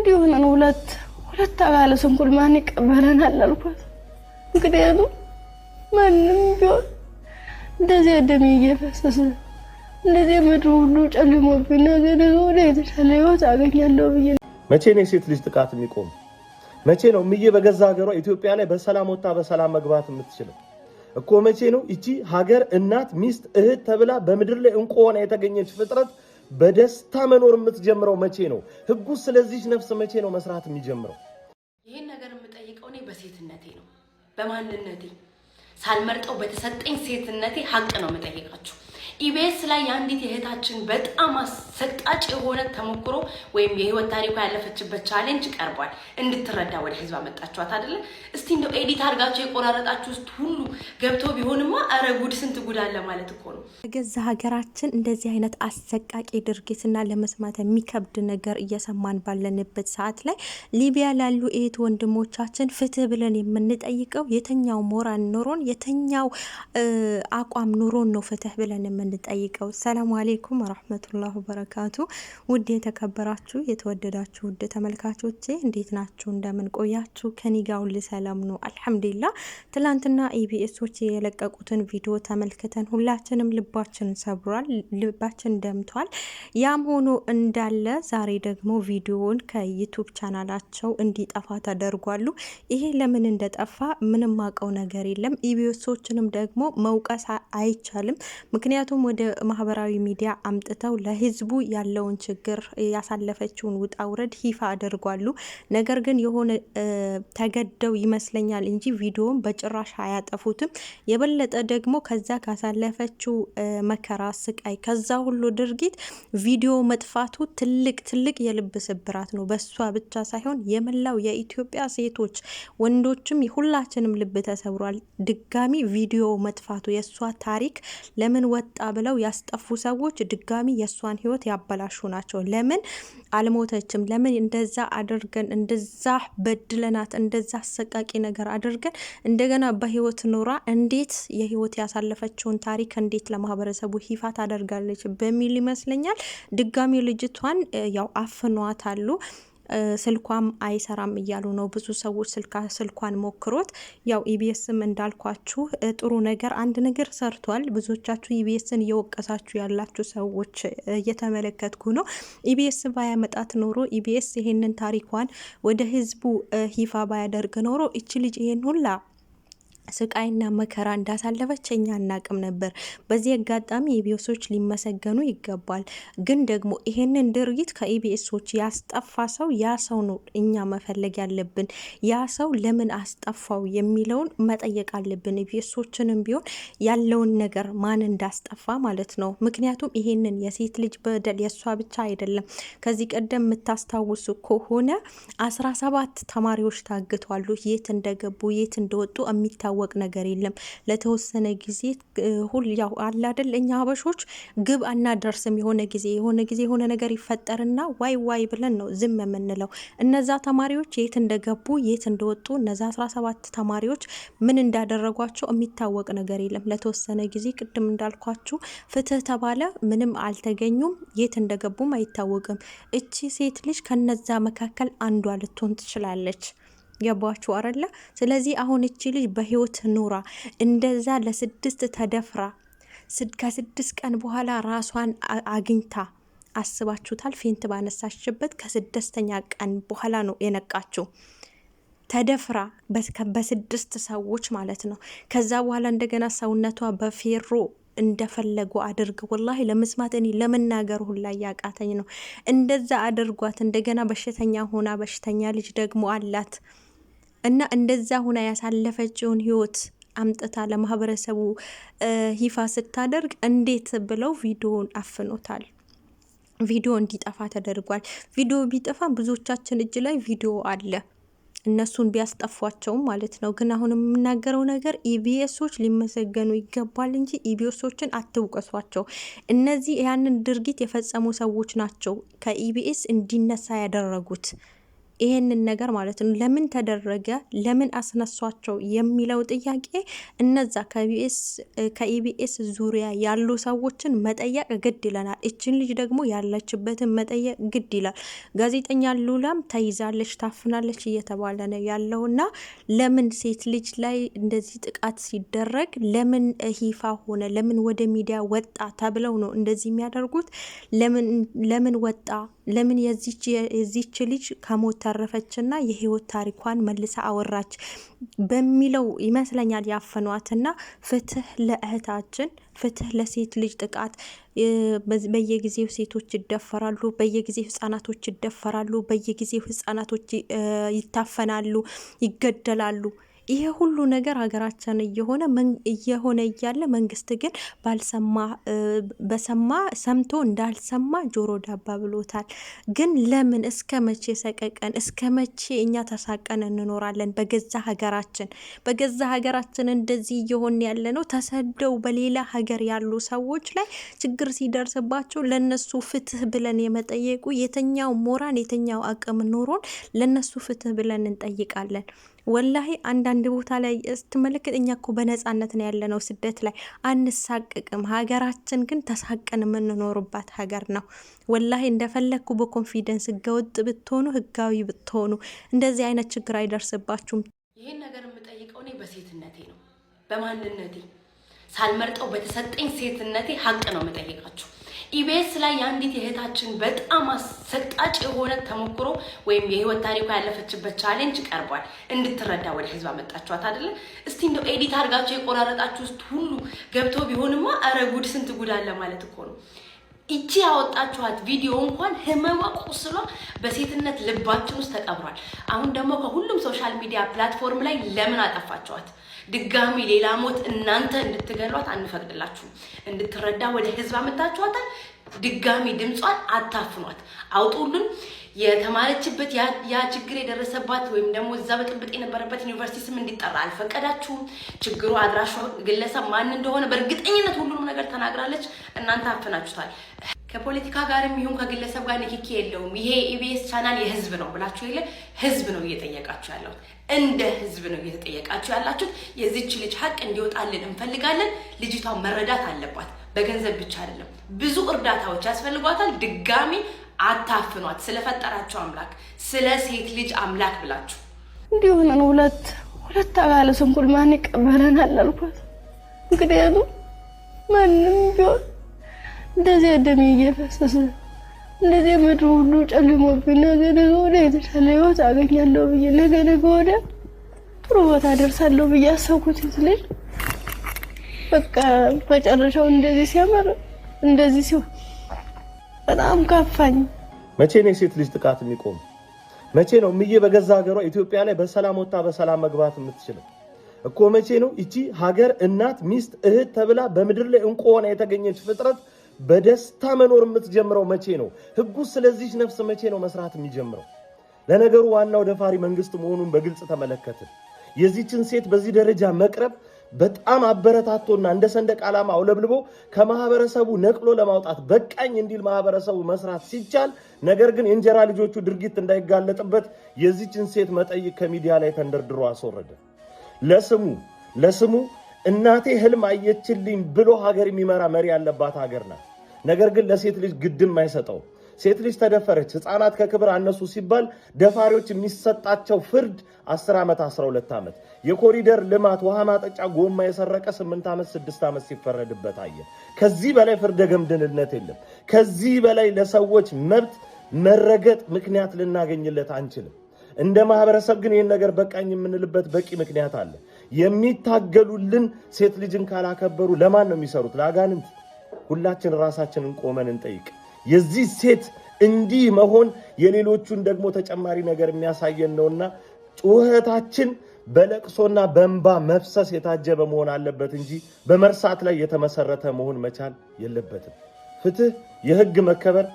እንዲሆነን ሁለት ሁለት አባለ ስንኩል ማን ይቀበለናል አልኳት። ምክንያቱም ማንም ቢሆን እንደዚህ ደሜ እየፈሰሰ እንደዚህ ምድር ሁሉ ጨልሞብኝ ነገ ነገ ወዲያ የተሻለ ህይወት አገኛለሁ ብዬ መቼ ነው የሴት ልጅ ጥቃት የሚቆም? መቼ ነው ምዬ በገዛ ሀገሯ ኢትዮጵያ ላይ በሰላም ወጣ በሰላም መግባት የምትችለው? እኮ መቼ ነው ይቺ ሀገር እናት፣ ሚስት፣ እህት ተብላ በምድር ላይ እንቁ ሆና የተገኘች ፍጥረት በደስታ መኖር የምትጀምረው መቼ ነው? ህጉ ስለዚህ ነፍስ መቼ ነው መስራት የሚጀምረው? ይህን ነገር የምጠይቀው እኔ በሴትነቴ ነው፣ በማንነቴ ሳልመርጠው በተሰጠኝ ሴትነቴ ሀቅ ነው የምጠይቃችሁ። ኢቢኤስ ላይ የአንዲት እህታችን በጣም አሰጣጭ የሆነ ተሞክሮ ወይም የህይወት ታሪኳ ያለፈችበት ቻሌንጅ ቀርቧል። እንድትረዳ ወደ ህዝብ አመጣችኋት አይደለ? እስቲ እንደው ኤዲት አድርጋችሁ የቆራረጣችሁ ውስጥ ሁሉ ገብቶ ቢሆንማ ኧረ ጉድ ስንት ጉድ አለ ማለት እኮ ነው። በገዛ ሀገራችን እንደዚህ አይነት አሰቃቂ ድርጊትና ለመስማት የሚከብድ ነገር እየሰማን ባለንበት ሰዓት ላይ ሊቢያ ላሉ እህት ወንድሞቻችን ፍትህ ብለን የምንጠይቀው የተኛው ሞራል ኖሮን የተኛው አቋም ኖሮን ነው ፍትህ ብለን የምን እንድጠይቀው። ሰላሙ አሌይኩም ወረህመቱላሁ በረካቱ። ውድ የተከበራችሁ የተወደዳችሁ ውድ ተመልካቾቼ እንዴት ናችሁ? እንደምን ቆያችሁ? ከኒጋ ሁል ሰላም ነው አልሐምዱሊላ። ትላንትና ኢቢኤሶች የለቀቁትን ቪዲዮ ተመልክተን ሁላችንም ልባችን ሰብሯል፣ ልባችን ደምቷል። ያም ሆኖ እንዳለ ዛሬ ደግሞ ቪዲዮውን ከዩቱብ ቻናላቸው እንዲጠፋ ተደርጓሉ። ይሄ ለምን እንደጠፋ ምንም አውቀው ነገር የለም። ኢቢኤሶችንም ደግሞ መውቀስ አይቻልም። ምክንያቱም እሱም ወደ ማህበራዊ ሚዲያ አምጥተው ለህዝቡ ያለውን ችግር ያሳለፈችውን ውጣ ውረድ ይፋ አድርጓሉ። ነገር ግን የሆነ ተገደው ይመስለኛል እንጂ ቪዲዮን በጭራሽ አያጠፉትም። የበለጠ ደግሞ ከዛ ካሳለፈችው መከራ፣ ስቃይ፣ ከዛ ሁሉ ድርጊት ቪዲዮ መጥፋቱ ትልቅ ትልቅ የልብ ስብራት ነው። በሷ ብቻ ሳይሆን የመላው የኢትዮጵያ ሴቶች ወንዶችም ሁላችንም ልብ ተሰብሯል። ድጋሚ ቪዲዮ መጥፋቱ የእሷ ታሪክ ለምን ወጣ አምጣ ብለው ያስጠፉ ሰዎች ድጋሚ የእሷን ህይወት ያበላሹ ናቸው። ለምን አልሞተችም? ለምን እንደዛ አድርገን እንደዛ በድለናት እንደዛ አሰቃቂ ነገር አድርገን እንደገና በህይወት ኖራ እንዴት የህይወት ያሳለፈችውን ታሪክ እንዴት ለማህበረሰቡ ይፋ ታደርጋለች በሚል ይመስለኛል ድጋሚ ልጅቷን ያው አፍኗት አሉ። ስልኳም አይሰራም እያሉ ነው ብዙ ሰዎች ስልኳን ሞክሮት። ያው ኢቢኤስም እንዳልኳችሁ ጥሩ ነገር አንድ ነገር ሰርቷል። ብዙዎቻችሁ ኢቢኤስን እየወቀሳችሁ ያላችሁ ሰዎች እየተመለከትኩ ነው። ኢቢኤስ ባያመጣት ኖሮ ኢቢኤስ ይሄንን ታሪኳን ወደ ህዝቡ ይፋ ባያደርግ ኖሮ እች ልጅ ይሄን ሁላ ስቃይና መከራ እንዳሳለፈች እኛ አናቅም ነበር። በዚህ አጋጣሚ ኢቢኤሶች ሊመሰገኑ ይገባል። ግን ደግሞ ይሄንን ድርጊት ከኢቢኤሶች ያስጠፋ ሰው ያ ሰው ነው እኛ መፈለግ ያለብን። ያ ሰው ለምን አስጠፋው የሚለውን መጠየቅ አለብን። ኢቢኤሶችንም ቢሆን ያለውን ነገር ማን እንዳስጠፋ ማለት ነው። ምክንያቱም ይሄንን የሴት ልጅ በደል የእሷ ብቻ አይደለም። ከዚህ ቀደም የምታስታውሱ ከሆነ አስራ ሰባት ተማሪዎች ታግተዋሉ። የት እንደገቡ የት እንደወጡ የሚታወ የሚታወቅ ነገር የለም። ለተወሰነ ጊዜ ሁል ያው አለ አይደል እኛ ሀበሾች ግብ አናደርስም። የሆነ ጊዜ የሆነ ጊዜ የሆነ ነገር ይፈጠርና ዋይ ዋይ ብለን ነው ዝም የምንለው። እነዛ ተማሪዎች የት እንደገቡ የት እንደወጡ እነዛ 17 ተማሪዎች ምን እንዳደረጓቸው የሚታወቅ ነገር የለም። ለተወሰነ ጊዜ ቅድም እንዳልኳችሁ ፍትህ ተባለ፣ ምንም አልተገኙም፣ የት እንደገቡም አይታወቅም። እቺ ሴት ልጅ ከነዛ መካከል አንዷ ልትሆን ትችላለች። ገባችሁ አረላ። ስለዚህ አሁን እቺ ልጅ በህይወት ኑራ እንደዛ ለስድስት ተደፍራ ከስድስት ቀን በኋላ ራሷን አግኝታ አስባችሁታል? ፌንት ባነሳችበት ከስድስተኛ ቀን በኋላ ነው የነቃችው። ተደፍራ በስድስት ሰዎች ማለት ነው። ከዛ በኋላ እንደገና ሰውነቷ በፌሮ እንደፈለጉ አድርግ ወላሂ ለመስማት እኔ ለመናገር ሁላ እያቃተኝ ነው። እንደዛ አድርጓት እንደገና በሽተኛ ሆና በሽተኛ ልጅ ደግሞ አላት። እና እንደዛ ሁና ያሳለፈችውን ህይወት አምጥታ ለማህበረሰቡ ይፋ ስታደርግ እንዴት ብለው ቪዲዮውን አፍኖታል። ቪዲዮ እንዲጠፋ ተደርጓል። ቪዲዮ ቢጠፋ ብዙዎቻችን እጅ ላይ ቪዲዮ አለ። እነሱን ቢያስጠፏቸውም ማለት ነው። ግን አሁን የምናገረው ነገር ኢቢኤሶች ሊመሰገኑ ይገባል እንጂ ኢቢኤሶችን አትውቀሷቸው። እነዚህ ያንን ድርጊት የፈጸሙ ሰዎች ናቸው ከኢቢኤስ እንዲነሳ ያደረጉት። ይሄንን ነገር ማለት ነው ለምን ተደረገ፣ ለምን አስነሷቸው የሚለው ጥያቄ እነዛ ከኢቢኤስ ዙሪያ ያሉ ሰዎችን መጠየቅ ግድ ይለናል። እችን ልጅ ደግሞ ያለችበትን መጠየቅ ግድ ይላል። ጋዜጠኛ ሉላም ተይዛለች፣ ታፍናለች እየተባለ ነው ያለውና ለምን ሴት ልጅ ላይ እንደዚህ ጥቃት ሲደረግ ለምን ሂፋ ሆነ ለምን ወደ ሚዲያ ወጣ ተብለው ነው እንደዚህ የሚያደርጉት ለምን ወጣ ለምን የዚች ልጅ ከሞት ተረፈችና የህይወት ታሪኳን መልሳ አወራች በሚለው ይመስለኛል ያፈኗትና ፍትህ ለእህታችን ፍትህ ለሴት ልጅ ጥቃት። በየጊዜው ሴቶች ይደፈራሉ፣ በየጊዜው ህጻናቶች ይደፈራሉ፣ በየጊዜው ህጻናቶች ይታፈናሉ፣ ይገደላሉ። ይሄ ሁሉ ነገር ሀገራችን እየሆነ እየሆነ እያለ መንግስት ግን ባልሰማ በሰማ ሰምቶ እንዳልሰማ ጆሮ ዳባ ብሎታል። ግን ለምን እስከ መቼ ሰቀቀን? እስከ መቼ እኛ ተሳቀን እንኖራለን? በገዛ ሀገራችን በገዛ ሀገራችን እንደዚህ እየሆን ያለ ነው። ተሰደው በሌላ ሀገር ያሉ ሰዎች ላይ ችግር ሲደርስባቸው ለነሱ ፍትህ ብለን የመጠየቁ የተኛው ሞራል የተኛው አቅም ኖሮን ለነሱ ፍትህ ብለን እንጠይቃለን? ወላሂ አንዳንድ ቦታ ላይ ስትመለከት እኛ እኮ በነጻነት ነው ያለነው ስደት ላይ አንሳቅቅም። ሀገራችን ግን ተሳቀን የምንኖርባት ሀገር ነው። ወላሂ እንደፈለግኩ በኮንፊደንስ ህገወጥ ብትሆኑ ህጋዊ ብትሆኑ እንደዚህ አይነት ችግር አይደርስባችሁም። ይህን ነገር የምጠይቀው እኔ በሴትነቴ ነው፣ በማንነቴ ሳልመርጠው በተሰጠኝ ሴትነቴ ሀቅ ነው የምጠይቃችሁ። ኢቢኤስ ላይ የአንዲት የእህታችን በጣም አሰጣጭ የሆነ ተሞክሮ ወይም የህይወት ታሪኳ ያለፈችበት ቻሌንጅ ቀርቧል። እንድትረዳ ወደ ህዝብ አመጣችኋት አይደለ? እስቲ እንደው ኤዲት አድርጋችሁ የቆራረጣችሁ ውስጥ ሁሉ ገብተው ቢሆንማ ኧረ ጉድ ስንት ጉድ አለ ማለት እኮ ነው። እጅ ያወጣችኋት ቪዲዮ እንኳን ህመማ ቁስሏ በሴትነት ልባችን ውስጥ ተቀብሯል። አሁን ደግሞ ከሁሉም ሶሻል ሚዲያ ፕላትፎርም ላይ ለምን አጠፋችኋት? ድጋሚ ሌላ ሞት እናንተ እንድትገሏት አንፈቅድላችሁም። እንድትረዳ ወደ ህዝብ አመጣችኋታል። ድጋሚ ድምጿን አታፍኗት፣ አውጡልን። የተማረችበት ያ ችግር የደረሰባት ወይም ደግሞ እዛ በጥብጥ የነበረበት ዩኒቨርሲቲ ስም እንዲጠራ አልፈቀዳችሁም። ችግሩ አድራሿ ግለሰብ ማን እንደሆነ በእርግጠኝነት ሁሉንም ነገር ተናግራለች። እናንተ አፍናችሁታል። ከፖለቲካ ጋርም ይሁን ከግለሰብ ጋር ንክኪ የለውም። ይሄ ኢቢኤስ ቻናል የህዝብ ነው ብላችሁ የለ ህዝብ ነው እየጠየቃችሁ ያለው እንደ ህዝብ ነው እየተጠየቃችሁ ያላችሁት። የዚች ልጅ ሀቅ እንዲወጣልን እንፈልጋለን። ልጅቷ መረዳት አለባት። በገንዘብ ብቻ አይደለም፣ ብዙ እርዳታዎች ያስፈልጓታል። ድጋሚ አታፍኗት። ስለፈጠራችሁ አምላክ፣ ስለ ሴት ልጅ አምላክ ብላችሁ እንዲሆነን ሁለት ሁለት አካለ ስንኩል ማን ይቀበለናል አልኳት። እንግዲህ ማንም ቢሆን እንደዚህ ደሜ እየፈሰሰ እንደዚህ ምድር ሁሉ ጨልሞብኝ ነገ ነገ ወዲያ የተሻለ ህይወት አገኛለሁ ብዬ ነገ ነገ ወዲያ ጥሩ ቦታ ደርሳለሁ ብዬ አሰብኩት ልጅ በቃ መጨረሻው እንደዚህ ሲያምር እንደዚህ ሲሆን በጣም ከፋኝ። መቼ ነው የሴት ልጅ ጥቃት የሚቆም? መቼ ነው ምዬ በገዛ ሀገሯ ኢትዮጵያ ላይ በሰላም ወጣ በሰላም መግባት የምትችለው? እኮ መቼ ነው ይቺ ሀገር እናት፣ ሚስት፣ እህት ተብላ በምድር ላይ እንቁ ሆና የተገኘች ፍጥረት በደስታ መኖር የምትጀምረው መቼ ነው? ህጉ ስለዚች ነፍስ መቼ ነው መስራት የሚጀምረው? ለነገሩ ዋናው ደፋሪ መንግስት መሆኑን በግልጽ ተመለከትን። የዚችን ሴት በዚህ ደረጃ መቅረብ በጣም አበረታቶና እንደ ሰንደቅ ዓላማ አውለብልቦ ከማህበረሰቡ ነቅሎ ለማውጣት በቃኝ እንዲል ማህበረሰቡ መስራት ሲቻል፣ ነገር ግን የእንጀራ ልጆቹ ድርጊት እንዳይጋለጥበት የዚችን ሴት መጠይቅ ከሚዲያ ላይ ተንደርድሮ አስወረደ። ለስሙ ለስሙ እናቴ ህልም አየችልኝ ብሎ ሀገር የሚመራ መሪ ያለባት ሀገር ናት። ነገር ግን ለሴት ልጅ ግድም አይሰጠው። ሴት ልጅ ተደፈረች፣ ህፃናት ከክብር አነሱ ሲባል ደፋሪዎች የሚሰጣቸው ፍርድ 10 ዓመት 12 ዓመት፣ የኮሪደር ልማት ውሃ ማጠጫ ጎማ የሰረቀ 8 ዓመት 6 ዓመት ሲፈረድበት አየ። ከዚህ በላይ ፍርደ ገምድልነት የለም። ከዚህ በላይ ለሰዎች መብት መረገጥ ምክንያት ልናገኝለት አንችልም። እንደ ማህበረሰብ ግን ይህን ነገር በቃኝ የምንልበት በቂ ምክንያት አለ። የሚታገሉልን ሴት ልጅን ካላከበሩ ለማን ነው የሚሰሩት? ለአጋንንት ሁላችን ራሳችንን ቆመን እንጠይቅ። የዚህ ሴት እንዲህ መሆን የሌሎቹን ደግሞ ተጨማሪ ነገር የሚያሳየን ነውና ጩኸታችን በለቅሶና በእንባ መፍሰስ የታጀበ መሆን አለበት እንጂ በመርሳት ላይ የተመሰረተ መሆን መቻል የለበትም። ፍትህ፣ የህግ መከበር